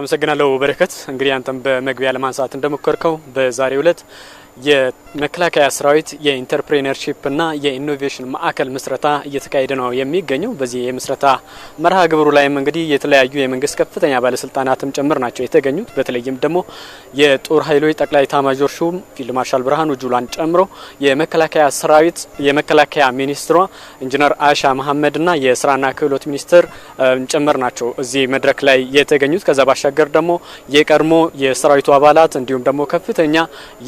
አመሰግናለሁ በረከት። እንግዲህ አንተም በመግቢያ ለማንሳት እንደሞከርከው በዛሬው ዕለት የመከላከያ ሰራዊት የኢንተርፕሬነርሺፕና የኢኖቬሽን ማዕከል ምስረታ እየተካሄደ ነው የሚገኘው። በዚህ የምስረታ መርሃ ግብሩ ላይም እንግዲህ የተለያዩ የመንግስት ከፍተኛ ባለስልጣናትም ጭምር ናቸው የተገኙት። በተለይም ደግሞ የጦር ኃይሎች ጠቅላይ ኤታማዦር ሹም ፊልድ ማርሻል ብርሃኑ ጁላን ጨምሮ የመከላከያ ሰራዊት የመከላከያ ሚኒስትሯ ኢንጂነር አይሻ መሐመድና የስራና ክህሎት ሚኒስትር ጭምር ናቸው እዚህ መድረክ ላይ የተገኙት። ከዛ ባሻገር ደግሞ የቀድሞ የሰራዊቱ አባላት እንዲሁም ደግሞ ከፍተኛ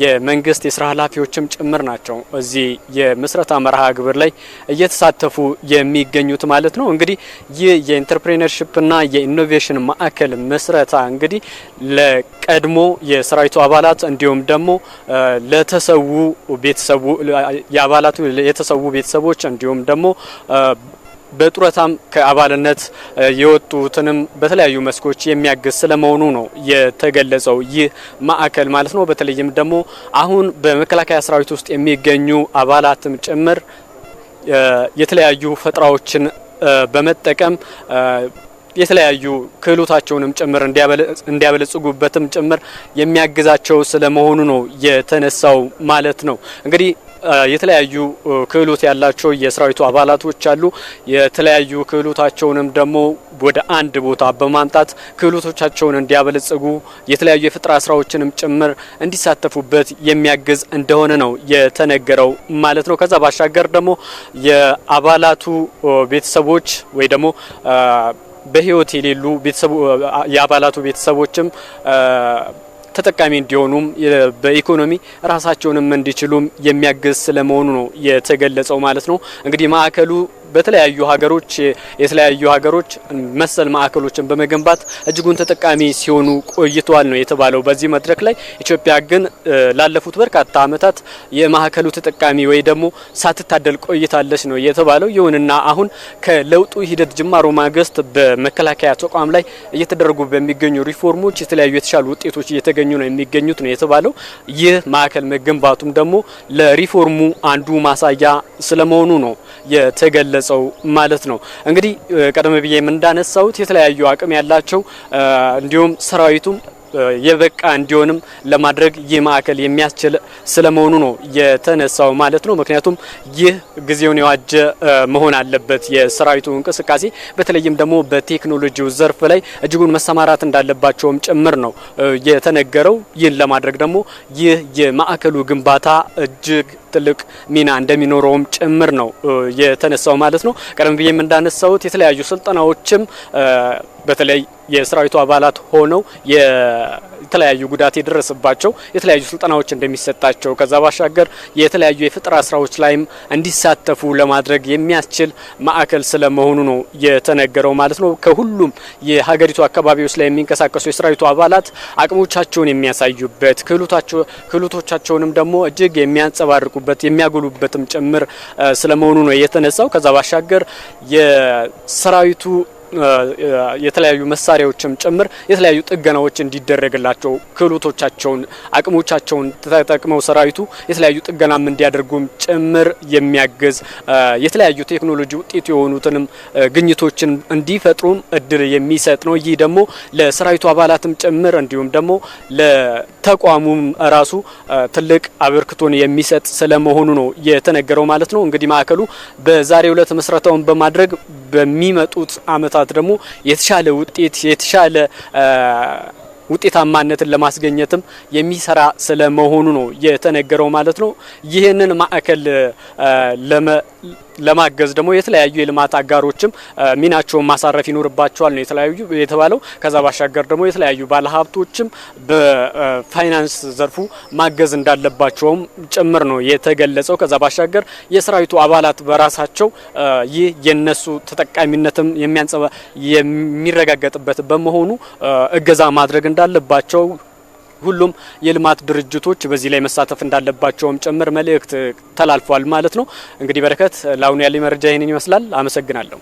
የመንግስት የስራ ኃላፊዎችም ጭምር ናቸው እዚህ የምስረታ መርሃ ግብር ላይ እየተሳተፉ የሚገኙት ማለት ነው። እንግዲህ ይህ የኢንተርፕሬነርሽፕና የኢኖቬሽን ማዕከል ምስረታ እንግዲህ ለቀድሞ የሰራዊቱ አባላት እንዲሁም ደግሞ ለተሰዉ ቤተሰቡ የአባላቱ የተሰዉ ቤተሰቦች እንዲሁም ደግሞ በጡረታም ከአባልነት የወጡትንም በተለያዩ መስኮች የሚያግዝ ስለመሆኑ ነው የተገለጸው ይህ ማዕከል ማለት ነው። በተለይም ደግሞ አሁን በመከላከያ ሰራዊት ውስጥ የሚገኙ አባላትም ጭምር የተለያዩ ፈጠራዎችን በመጠቀም የተለያዩ ክህሎታቸውንም ጭምር እንዲያበለጽጉበትም ጭምር የሚያግዛቸው ስለመሆኑ ነው የተነሳው ማለት ነው እንግዲህ የተለያዩ ክህሎት ያላቸው የሰራዊቱ አባላቶች አሉ። የተለያዩ ክህሎታቸውንም ደግሞ ወደ አንድ ቦታ በማምጣት ክህሎቶቻቸውን እንዲያበለጽጉ የተለያዩ የፈጠራ ስራዎችንም ጭምር እንዲሳተፉበት የሚያግዝ እንደሆነ ነው የተነገረው ማለት ነው። ከዛ ባሻገር ደግሞ የአባላቱ ቤተሰቦች ወይ ደግሞ በህይወት የሌሉ የአባላቱ ቤተሰቦችም ተጠቃሚ እንዲሆኑም በኢኮኖሚ ራሳቸውንም እንዲችሉም የሚያግዝ ስለመሆኑ ነው የተገለጸው ማለት ነው። እንግዲህ ማዕከሉ በተለያዩ ሀገሮች የተለያዩ ሀገሮች መሰል ማዕከሎችን በመገንባት እጅጉን ተጠቃሚ ሲሆኑ ቆይተዋል ነው የተባለው። በዚህ መድረክ ላይ ኢትዮጵያ ግን ላለፉት በርካታ ዓመታት የማዕከሉ ተጠቃሚ ወይ ደግሞ ሳትታደል ቆይታለች ነው የተባለው። ይሁንና አሁን ከለውጡ ሂደት ጅማሮ ማግስት በመከላከያ ተቋም ላይ እየተደረጉ በሚገኙ ሪፎርሞች የተለያዩ የተሻሉ ውጤቶች እየተገኙ ነው የሚገኙት ነው የተባለው። ይህ ማዕከል መገንባቱም ደግሞ ለሪፎርሙ አንዱ ማሳያ ስለመሆኑ ነው የተገለጸው ማለት ነው። እንግዲህ ቀደም ብዬም እንዳነሳሁት የተለያዩ አቅም ያላቸው እንዲሁም ሰራዊቱም የበቃ እንዲሆንም ለማድረግ ይህ ማዕከል የሚያስችል ስለመሆኑ ነው የተነሳው ማለት ነው። ምክንያቱም ይህ ጊዜውን የዋጀ መሆን አለበት። የሰራዊቱ እንቅስቃሴ በተለይም ደግሞ በቴክኖሎጂው ዘርፍ ላይ እጅጉን መሰማራት እንዳለባቸውም ጭምር ነው የተነገረው። ይህን ለማድረግ ደግሞ ይህ የማዕከሉ ግንባታ እጅግ ትልቅ ሚና እንደሚኖረውም ጭምር ነው የተነሳው ማለት ነው። ቀደም ብዬም እንዳነሳሁት የተለያዩ ስልጠናዎችም በተለይ የሰራዊቱ አባላት ሆነው የተለያዩ ጉዳት የደረሰባቸው የተለያዩ ስልጠናዎች እንደሚሰጣቸው ከዛ ባሻገር የተለያዩ የፈጠራ ስራዎች ላይም እንዲሳተፉ ለማድረግ የሚያስችል ማዕከል ስለመሆኑ ነው የተነገረው ማለት ነው። ከሁሉም የሀገሪቱ አካባቢዎች ላይ የሚንቀሳቀሱ የሰራዊቱ አባላት አቅሞቻቸውን የሚያሳዩበት ክህሎቶቻቸውንም ደግሞ እጅግ የሚያንጸባርቁበት የሚያጎሉበትም ጭምር ስለመሆኑ ነው የተነሳው። ከዛ ባሻገር የሰራዊቱ የተለያዩ መሳሪያዎችም ጭምር የተለያዩ ጥገናዎች እንዲደረግላቸው ክህሎቶቻቸውን አቅሞቻቸውን ተጠቅመው ሰራዊቱ የተለያዩ ጥገናም እንዲያደርጉም ጭምር የሚያግዝ የተለያዩ ቴክኖሎጂ ውጤት የሆኑትንም ግኝቶችን እንዲፈጥሩም እድል የሚሰጥ ነው። ይህ ደግሞ ለሰራዊቱ አባላትም ጭምር እንዲሁም ደግሞ ለተቋሙም ራሱ ትልቅ አበርክቶን የሚሰጥ ስለመሆኑ ነው የተነገረው ማለት ነው። እንግዲህ ማዕከሉ በዛሬው ዕለት ምስረታውን በማድረግ በሚመጡት አመታት በመስራት ደግሞ የተሻለ ውጤት የተሻለ ውጤታማነትን ለማስገኘትም የሚሰራ ስለመሆኑ ነው የተነገረው ማለት ነው። ይህንን ማዕከል ለማገዝ ደግሞ የተለያዩ የልማት አጋሮችም ሚናቸውን ማሳረፍ ይኖርባቸዋል ነው የተለያዩ የተባለው። ከዛ ባሻገር ደግሞ የተለያዩ ባለሀብቶችም በፋይናንስ ዘርፉ ማገዝ እንዳለባቸውም ጭምር ነው የተገለጸው። ከዛ ባሻገር የሰራዊቱ አባላት በራሳቸው ይህ የነሱ ተጠቃሚነትም የሚረጋገጥበት በመሆኑ እገዛ ማድረግ እንዳለባቸው ሁሉም የልማት ድርጅቶች በዚህ ላይ መሳተፍ እንዳለባቸውም ጭምር መልእክት ተላልፏል ማለት ነው። እንግዲህ በረከት፣ ለአሁኑ ያለኝ መረጃ ይህንን ይመስላል። አመሰግናለሁ።